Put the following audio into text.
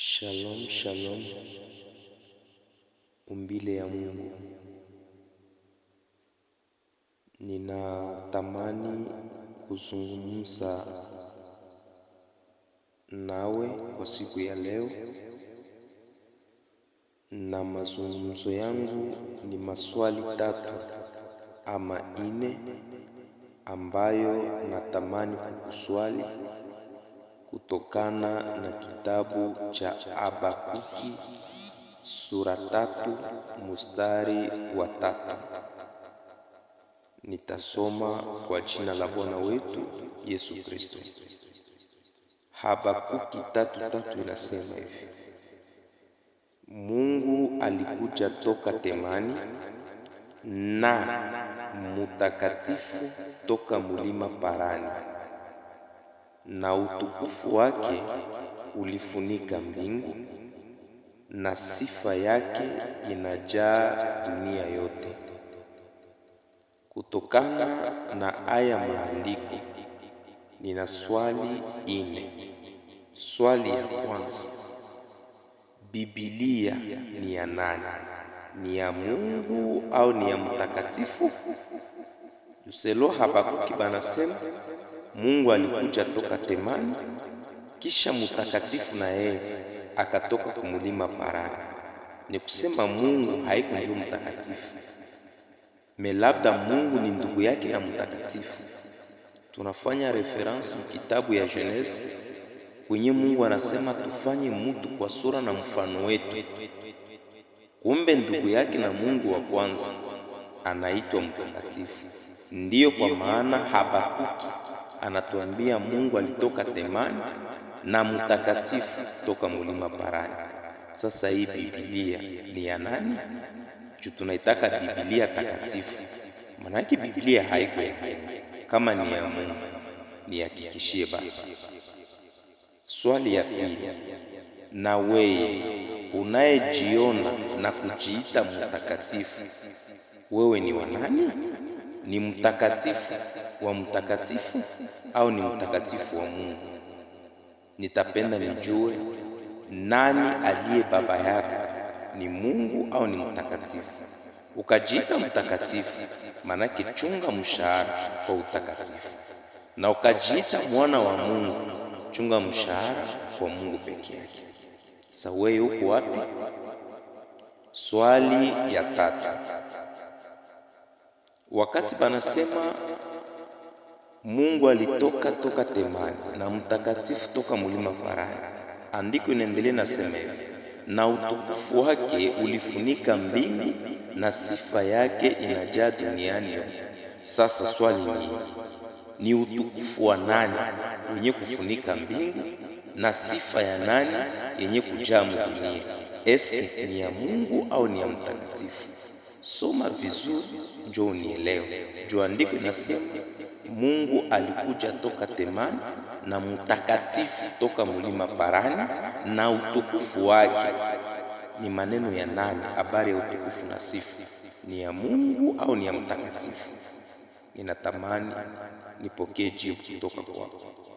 Shalom, shalom. Umbile ya Mungu, ninatamani kuzungumza nawe kwa siku ya leo, na mazungumzo yangu ni maswali tatu ama nne ambayo natamani kukuswali kutokana na kitabu cha Habakuki sura tatu mustari wa tatu. Nitasoma kwa jina la Bwana wetu Yesu Kristo. Habakuki tatu tatu inasema hivi: Mungu alikuja toka Temani na mutakatifu toka mulima Parani na utukufu wake ulifunika mbingu na sifa yake inajaa dunia yote. Kutokana na aya maandiko, nina swali ine. Swali ya kwanza, Biblia ni ya nani? Ni ya Mungu au ni ya mtakatifu? Juselo hapa sema banasema Mungu alikuja toka Temani, kisha mutakatifu na yeye akatoka kumulima Parani. Ni kusema Mungu haikujua mtakatifu me, labda Mungu ni ndugu yake na mtakatifu. Tunafanya referensi mkitabu ya Genesi kwenye Mungu anasema tufanye mutu kwa sura na mfano wetu. Kumbe ndugu yake na Mungu wa kwanza anaitwa mtakatifu, ndiyo kwa maana habatuki anatuambia Mungu alitoka Temani na mtakatifu toka mulima Parani. Sasa hii Biblia ni ya nani? Juu tunaitaka Biblia takatifu, maanake Biblia haiko ya kama ni ya Mungu nihakikishie basi. Swali ya pili, na wewe unayejiona na kujiita mtakatifu, wewe ni wa nani? ni mtakatifu wa mtakatifu au ni mtakatifu wa Mungu? Nitapenda nijue nani aliye baba yako, ni Mungu au ni mtakatifu? Ukajiita mtakatifu, maanake chunga mshahara kwa utakatifu, na ukajiita mwana wa Mungu, chunga mshahara kwa Mungu peke yake. Sawa, wewe uko wapi? Swali ya tatu. Wakati panasema Mungu alitoka toka Temani na mtakatifu toka mulima Farani, andiko inaendelea nasema, na utukufu wake ulifunika mbingu na sifa yake inajaa duniani yote. Sasa swali ni ni utukufu wa nani wenye kufunika mbingu na sifa ya nani yenye kujaa mudunia? Eske ni ya Mungu au ni ya mtakatifu? Soma vizuri njoo unielewe, juu andiko inasema Mungu alikuja toka Temani na mtakatifu toka mulima Parani, na utukufu wake ni maneno ya nani? Habari ya utukufu na sifa ni ya Mungu au ni ya mtakatifu? Ninatamani nipokee jibu kutoka kwako.